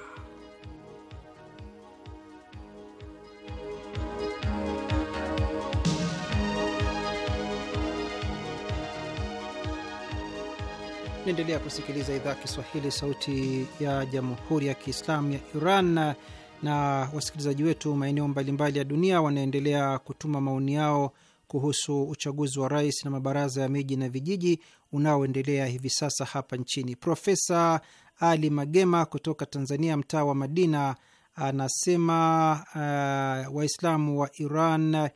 Naendelea kusikiliza idhaa ya Kiswahili, sauti ya jamhuri ya kiislamu ya Iran. Na wasikilizaji wetu maeneo mbalimbali ya dunia wanaendelea kutuma maoni yao kuhusu uchaguzi wa rais na mabaraza ya miji na vijiji unaoendelea hivi sasa hapa nchini. Profesa Ali Magema kutoka Tanzania, mtaa wa Madina, anasema uh, Waislamu wa Iran uh,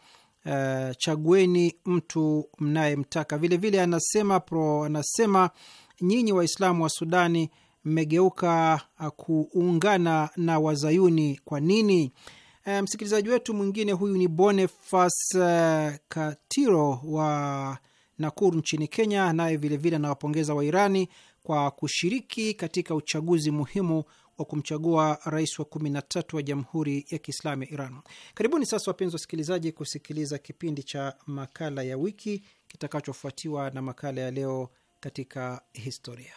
chagueni mtu mnayemtaka. Vilevile anasema pro, anasema nyinyi Waislamu wa Sudani mmegeuka uh, kuungana na Wazayuni kwa nini? Uh, msikilizaji wetu mwingine huyu ni Bonifas uh, Katiro wa Nakuru nchini Kenya, naye vilevile anawapongeza Wairani kwa kushiriki katika uchaguzi muhimu wa kumchagua rais wa 13 wa Jamhuri ya Kiislamu ya Iran. Karibuni sasa, wapenzi wasikilizaji, kusikiliza kipindi cha makala ya wiki kitakachofuatiwa na makala ya leo katika historia.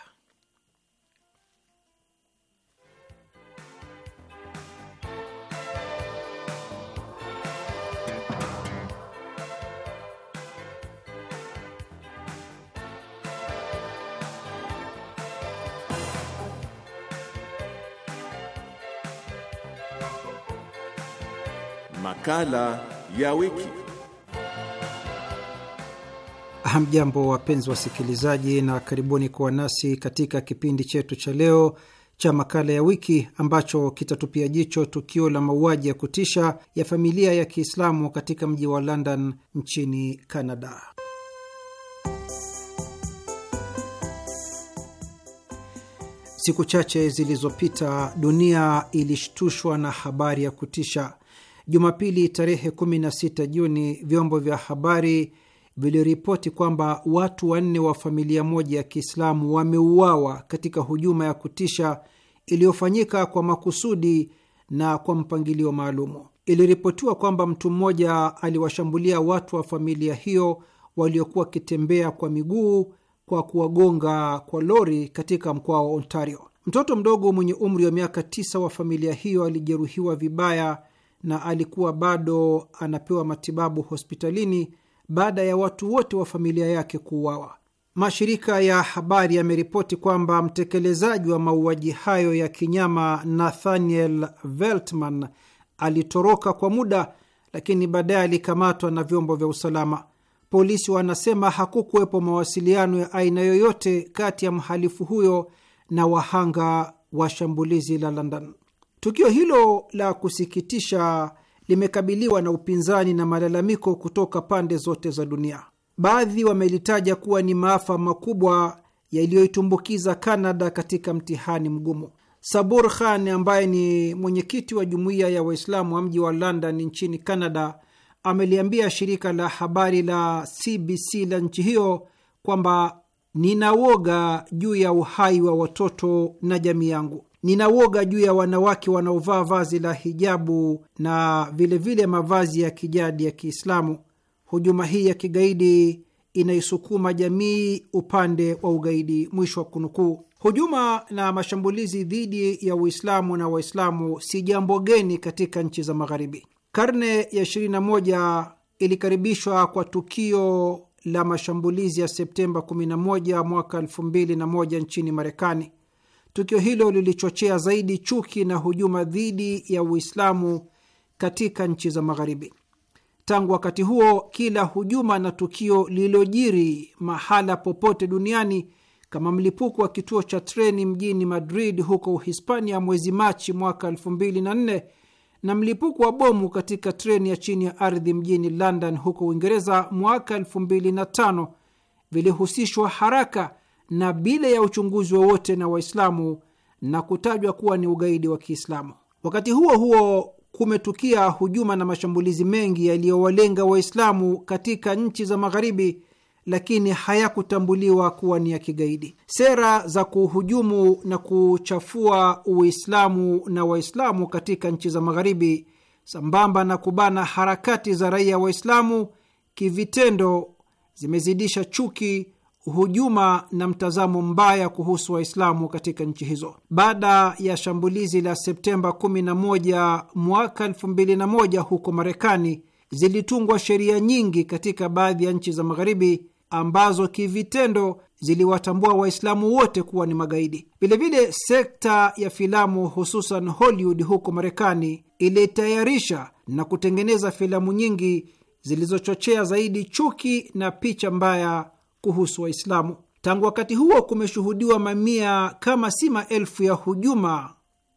Makala ya wiki. Hamjambo, wapenzi wasikilizaji, na karibuni kuwa nasi katika kipindi chetu cha leo cha makala ya wiki ambacho kitatupia jicho tukio la mauaji ya kutisha ya familia ya Kiislamu katika mji wa London nchini canada Siku chache zilizopita dunia ilishtushwa na habari ya kutisha Jumapili tarehe 16 Juni, vyombo vya habari viliripoti kwamba watu wanne wa familia moja ya Kiislamu wameuawa katika hujuma ya kutisha iliyofanyika kwa makusudi na kwa mpangilio maalumu. Iliripotiwa kwamba mtu mmoja aliwashambulia watu wa familia hiyo waliokuwa wakitembea kwa miguu kwa kuwagonga kwa lori katika mkoa wa Ontario. Mtoto mdogo mwenye umri wa miaka tisa wa familia hiyo alijeruhiwa vibaya na alikuwa bado anapewa matibabu hospitalini baada ya watu wote wa familia yake kuuawa. Mashirika ya habari yameripoti kwamba mtekelezaji wa mauaji hayo ya kinyama Nathaniel Veltman alitoroka kwa muda, lakini baadaye alikamatwa na vyombo vya usalama. Polisi wanasema hakukuwepo mawasiliano ya aina yoyote kati ya mhalifu huyo na wahanga wa shambulizi la London. Tukio hilo la kusikitisha limekabiliwa na upinzani na malalamiko kutoka pande zote za dunia. Baadhi wamelitaja kuwa ni maafa makubwa yaliyoitumbukiza Kanada katika mtihani mgumu. Sabur Khan ambaye ni mwenyekiti wa jumuiya ya Waislamu wa mji wa London nchini Kanada ameliambia shirika la habari la CBC la nchi hiyo kwamba ninawoga juu ya uhai wa watoto na jamii yangu. Ninawoga juu ya wanawake wanaovaa vazi la hijabu na vilevile vile mavazi ya kijadi ya Kiislamu. Hujuma hii ya kigaidi inaisukuma jamii upande wa ugaidi. Mwisho wa kunukuu. Hujuma na mashambulizi dhidi ya Uislamu na Waislamu si jambo geni katika nchi za Magharibi. Karne ya 21 ilikaribishwa kwa tukio la mashambulizi ya Septemba 11 mwaka 2001 nchini Marekani. Tukio hilo lilichochea zaidi chuki na hujuma dhidi ya Uislamu katika nchi za Magharibi. Tangu wakati huo, kila hujuma na tukio lililojiri mahala popote duniani kama mlipuko wa kituo cha treni mjini Madrid huko Uhispania mwezi Machi mwaka 2004 na mlipuko wa bomu katika treni ya chini ya ardhi mjini London huko Uingereza mwaka 2005 vilihusishwa haraka na bila ya uchunguzi wowote wa na Waislamu na kutajwa kuwa ni ugaidi wa Kiislamu. Wakati huo huo, kumetukia hujuma na mashambulizi mengi yaliyowalenga Waislamu katika nchi za Magharibi, lakini hayakutambuliwa kuwa ni ya kigaidi. Sera za kuhujumu na kuchafua Uislamu na Waislamu katika nchi za Magharibi, sambamba na kubana harakati za raia Waislamu kivitendo, zimezidisha chuki hujuma na mtazamo mbaya kuhusu Waislamu katika nchi hizo. Baada ya shambulizi la Septemba 11 mwaka 2001 huko Marekani, zilitungwa sheria nyingi katika baadhi ya nchi za Magharibi ambazo kivitendo ziliwatambua Waislamu wote kuwa ni magaidi. Vilevile, sekta ya filamu hususan Hollywood huko Marekani ilitayarisha na kutengeneza filamu nyingi zilizochochea zaidi chuki na picha mbaya kuhusu Waislamu. Tangu wakati huo kumeshuhudiwa mamia kama si maelfu ya hujuma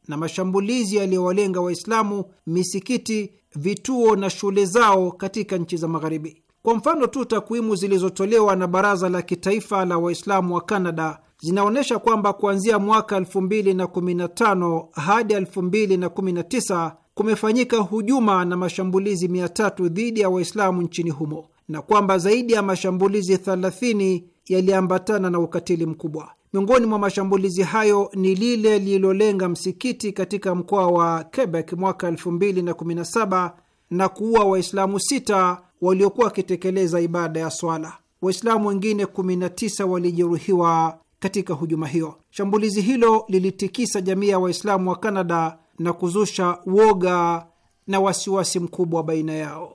na mashambulizi yaliyowalenga Waislamu, misikiti, vituo na shule zao katika nchi za Magharibi. Kwa mfano tu, takwimu zilizotolewa na Baraza la Kitaifa la Waislamu wa Kanada zinaonyesha kwamba kuanzia mwaka 2015 hadi 2019 kumefanyika hujuma na mashambulizi 300 dhidi ya Waislamu nchini humo na kwamba zaidi ya mashambulizi 30 yaliambatana na ukatili mkubwa. Miongoni mwa mashambulizi hayo ni lile lililolenga msikiti katika mkoa wa Quebec mwaka 2017 na kuua Waislamu sita waliokuwa wakitekeleza ibada ya swala. Waislamu wengine 19 walijeruhiwa katika hujuma hiyo. Shambulizi hilo lilitikisa jamii ya Waislamu wa Kanada na kuzusha woga na wasiwasi mkubwa baina yao.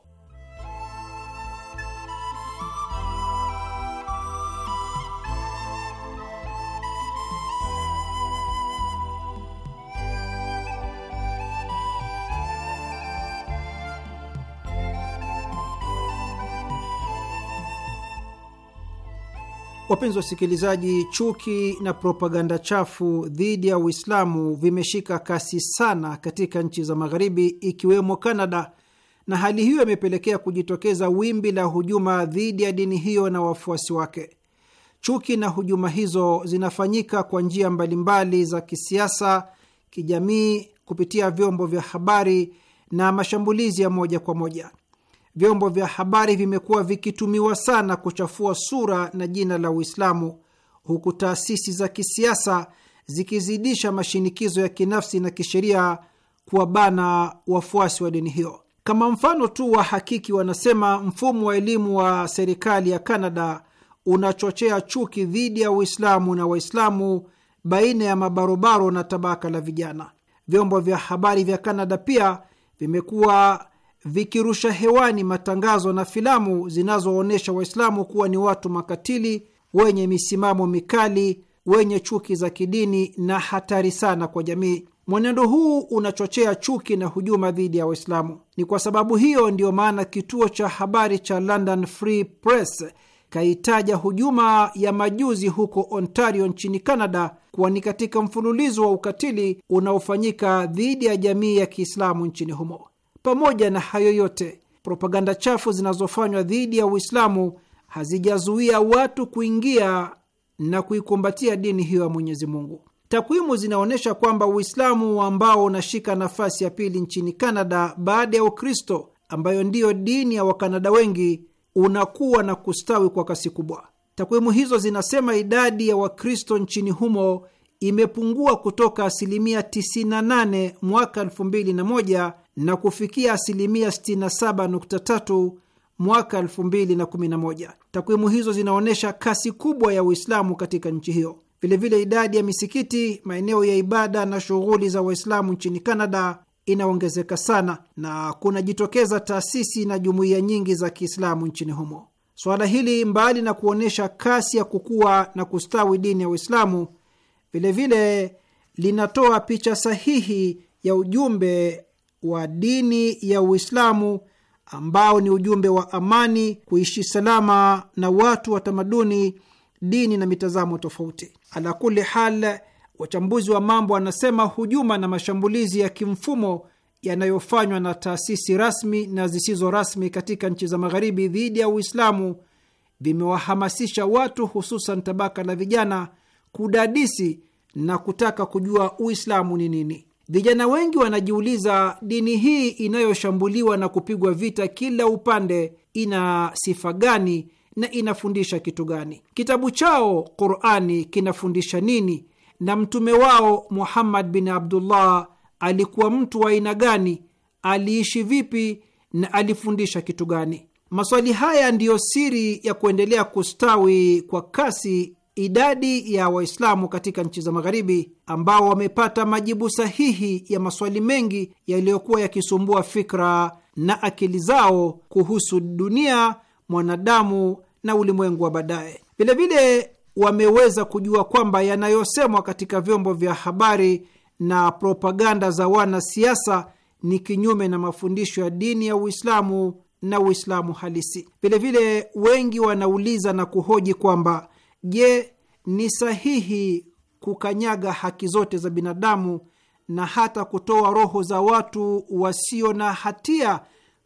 Wapenzi wasikilizaji, chuki na propaganda chafu dhidi ya Uislamu vimeshika kasi sana katika nchi za Magharibi, ikiwemo Kanada, na hali hiyo imepelekea kujitokeza wimbi la hujuma dhidi ya dini hiyo na wafuasi wake. Chuki na hujuma hizo zinafanyika kwa njia mbalimbali za kisiasa, kijamii, kupitia vyombo vya habari na mashambulizi ya moja kwa moja vyombo vya habari vimekuwa vikitumiwa sana kuchafua sura na jina la Uislamu, huku taasisi za kisiasa zikizidisha mashinikizo ya kinafsi na kisheria kuwabana wafuasi wa dini hiyo. Kama mfano tu, wahakiki wanasema mfumo wa elimu wa serikali ya Kanada unachochea chuki dhidi ya Uislamu na Waislamu baina ya mabarobaro na tabaka la vijana. Vyombo vya habari vya Kanada pia vimekuwa vikirusha hewani matangazo na filamu zinazoonyesha Waislamu kuwa ni watu makatili, wenye misimamo mikali, wenye chuki za kidini na hatari sana kwa jamii. Mwenendo huu unachochea chuki na hujuma dhidi ya Waislamu. Ni kwa sababu hiyo ndiyo maana kituo cha habari cha London Free Press kaitaja hujuma ya majuzi huko Ontario nchini Canada kuwa ni katika mfululizo wa ukatili unaofanyika dhidi ya jamii ya Kiislamu nchini humo. Pamoja na hayo yote, propaganda chafu zinazofanywa dhidi ya Uislamu hazijazuia watu kuingia na kuikumbatia dini hiyo ya Mwenyezi Mungu. Takwimu zinaonyesha kwamba Uislamu ambao unashika nafasi ya pili nchini Kanada baada ya Ukristo, ambayo ndiyo dini ya Wakanada wengi, unakuwa na kustawi kwa kasi kubwa. Takwimu hizo zinasema idadi ya Wakristo nchini humo imepungua kutoka asilimia 98 mwaka 2001 na kufikia asilimia 67.3 mwaka 2011. Takwimu hizo zinaonyesha kasi kubwa ya Uislamu katika nchi hiyo. Vilevile, idadi ya misikiti, maeneo ya ibada na shughuli za Waislamu nchini Kanada inaongezeka sana na kunajitokeza taasisi na jumuiya nyingi za Kiislamu nchini humo. Suala hili mbali na kuonyesha kasi ya kukua na kustawi dini ya Uislamu, vilevile linatoa picha sahihi ya ujumbe wa dini ya Uislamu ambao ni ujumbe wa amani, kuishi salama na watu wa tamaduni, dini na mitazamo tofauti. Ala kuli hal, wachambuzi wa mambo wanasema hujuma na mashambulizi ya kimfumo yanayofanywa na taasisi rasmi na zisizo rasmi katika nchi za Magharibi dhidi ya Uislamu vimewahamasisha watu, hususan tabaka la vijana, kudadisi na kutaka kujua Uislamu ni nini. Vijana wengi wanajiuliza, dini hii inayoshambuliwa na kupigwa vita kila upande ina sifa gani na inafundisha kitu gani? Kitabu chao Qurani kinafundisha nini? Na mtume wao Muhammad bin Abdullah alikuwa mtu wa aina gani? Aliishi vipi na alifundisha kitu gani? Maswali haya ndiyo siri ya kuendelea kustawi kwa kasi idadi ya Waislamu katika nchi za Magharibi ambao wamepata majibu sahihi ya maswali mengi yaliyokuwa yakisumbua fikra na akili zao kuhusu dunia, mwanadamu na ulimwengu wa baadaye. Vilevile wameweza kujua kwamba yanayosemwa katika vyombo vya habari na propaganda za wanasiasa ni kinyume na mafundisho ya dini ya Uislamu na Uislamu halisi. Vilevile wengi wanauliza na kuhoji kwamba Je, ni sahihi kukanyaga haki zote za binadamu na hata kutoa roho za watu wasio na hatia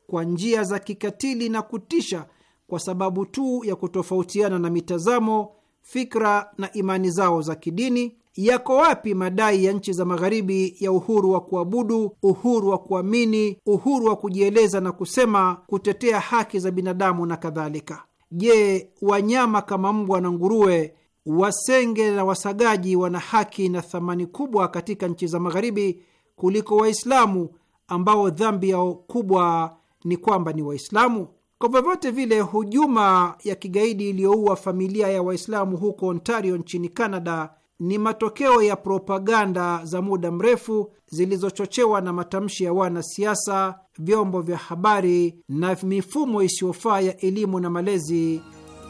kwa njia za kikatili na kutisha kwa sababu tu ya kutofautiana na mitazamo, fikra na imani zao za kidini? Yako wapi madai ya nchi za Magharibi ya uhuru wa kuabudu, uhuru wa kuamini, uhuru wa kujieleza na kusema, kutetea haki za binadamu na kadhalika? Je, wanyama kama mbwa na nguruwe, wasenge na wasagaji wana haki na thamani kubwa katika nchi za magharibi kuliko Waislamu ambao dhambi yao kubwa ni kwamba ni Waislamu. Kwa vyovyote vile, hujuma ya kigaidi iliyoua familia ya Waislamu huko Ontario nchini Canada ni matokeo ya propaganda za muda mrefu zilizochochewa na matamshi ya wanasiasa, vyombo vya habari na mifumo isiyofaa ya elimu na malezi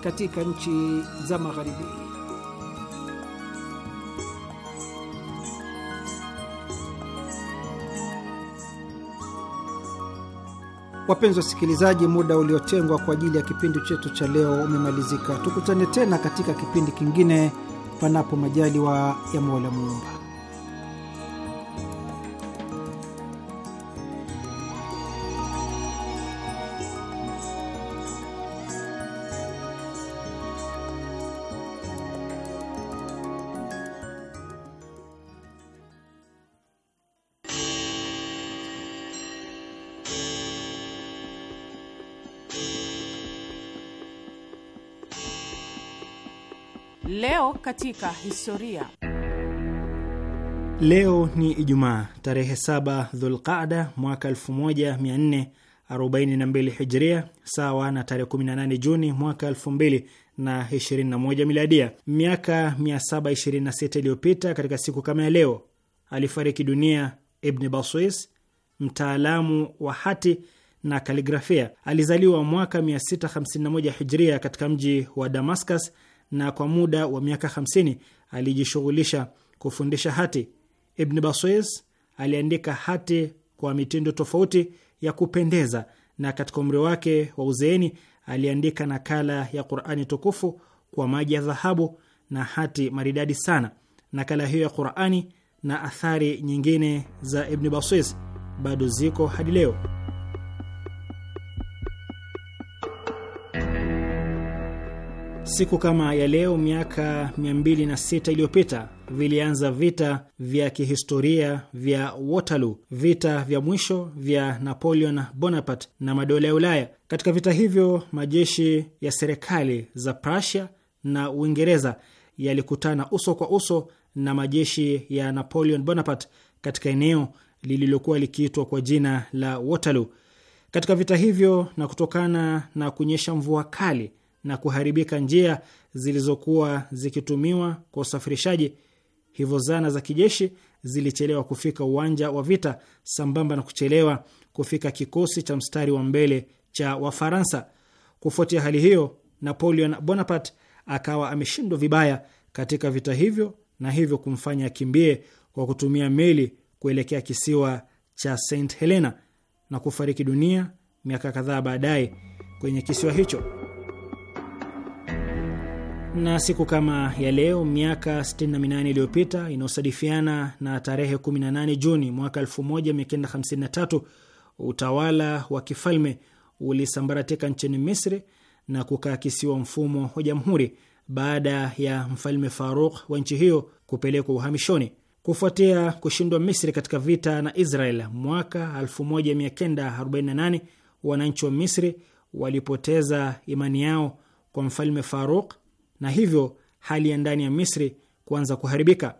katika nchi za Magharibi. Wapenzi wasikilizaji, muda uliotengwa kwa ajili ya kipindi chetu cha leo umemalizika. Tukutane tena katika kipindi kingine panapo majaliwa ya Mola Muumba. katika historia. Leo ni Ijumaa tarehe 7 Dhulqada mwaka 1442 Hijria, sawa na tarehe 18 Juni mwaka 2021 Miladia. Miaka 726 iliyopita katika siku kama ya leo alifariki dunia Ibni Baswis, mtaalamu wa hati na kaligrafia. Alizaliwa mwaka 651 Hijria katika mji wa Damascus na kwa muda wa miaka 50 alijishughulisha kufundisha hati. Ibn Baswes aliandika hati kwa mitindo tofauti ya kupendeza, na katika umri wake wa uzeeni aliandika nakala ya Qur'ani tukufu kwa maji ya dhahabu na hati maridadi sana. Nakala hiyo ya Qur'ani na athari nyingine za Ibn Baswes bado ziko hadi leo. Siku kama ya leo miaka 206 iliyopita vilianza vita vya kihistoria vya Waterloo, vita vya mwisho vya Napoleon Bonaparte na madola ya Ulaya. Katika vita hivyo majeshi ya serikali za Prussia na Uingereza yalikutana uso kwa uso na majeshi ya Napoleon Bonaparte katika eneo lililokuwa likiitwa kwa jina la Waterloo. Katika vita hivyo na kutokana na kunyesha mvua kali na kuharibika njia zilizokuwa zikitumiwa kwa usafirishaji, hivyo zana za kijeshi zilichelewa kufika uwanja wa vita, sambamba na kuchelewa kufika kikosi cha mstari wa mbele cha Wafaransa. Kufuatia hali hiyo, Napoleon Bonaparte akawa ameshindwa vibaya katika vita hivyo na hivyo kumfanya akimbie kwa kutumia meli kuelekea kisiwa cha St Helena na kufariki dunia miaka kadhaa baadaye kwenye kisiwa hicho na siku kama ya leo miaka 68 iliyopita inayosadifiana na tarehe 18 Juni mwaka 1953 utawala wa kifalme ulisambaratika nchini Misri na kukaakisiwa mfumo wa jamhuri baada ya mfalme Faruk wa nchi hiyo kupelekwa uhamishoni kufuatia kushindwa Misri katika vita na Israel mwaka 1948. Wananchi wa Misri walipoteza imani yao kwa mfalme Faruk na hivyo hali ya ndani ya Misri kuanza kuharibika.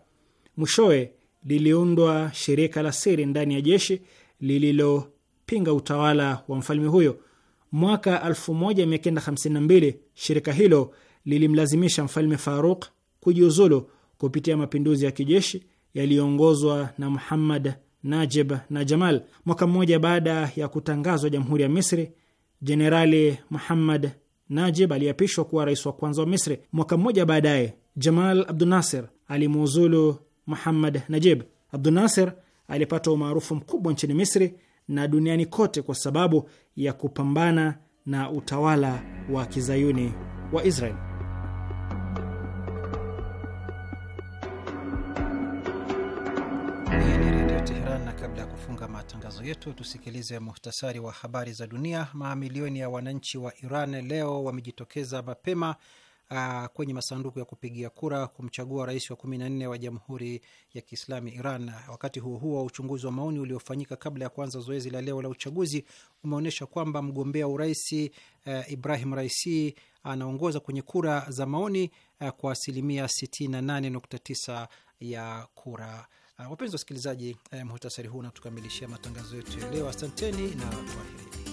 Mwishowe liliundwa shirika la siri ndani ya jeshi lililopinga utawala wa mfalme huyo. Mwaka 1952 shirika hilo lilimlazimisha mfalme Faruk kujiuzulu kupitia mapinduzi ya kijeshi yaliyoongozwa na Muhammad Najib na Jamal. Mwaka mmoja baada ya kutangazwa jamhuri ya Misri, Jenerali Muhammad Najib aliapishwa kuwa rais wa kwanza wa Misri. Mwaka mmoja baadaye, Jamal Abdunasir alimuuzulu Muhammad Najib. Abdunasir alipata umaarufu mkubwa nchini Misri na duniani kote kwa sababu ya kupambana na utawala wa kizayuni wa Israel. Teheran, na kabla ya kufunga matangazo yetu tusikilize muhtasari wa habari za dunia. Mamilioni ya wananchi wa Iran leo wamejitokeza mapema uh, kwenye masanduku ya kupigia kura kumchagua rais wa 14 wa Jamhuri ya Kiislami Iran. Wakati huo huo, uchunguzi wa maoni uliofanyika kabla ya kuanza zoezi la leo la uchaguzi umeonyesha kwamba mgombea uraisi uh, eh, Ibrahim Raisi anaongoza kwenye kura za maoni uh, kwa asilimia 68.9 ya kura. Uh, wapenzi wasikilizaji, um, muhtasari huu unatukamilishia matangazo yetu ya leo. Asanteni na kwaherini.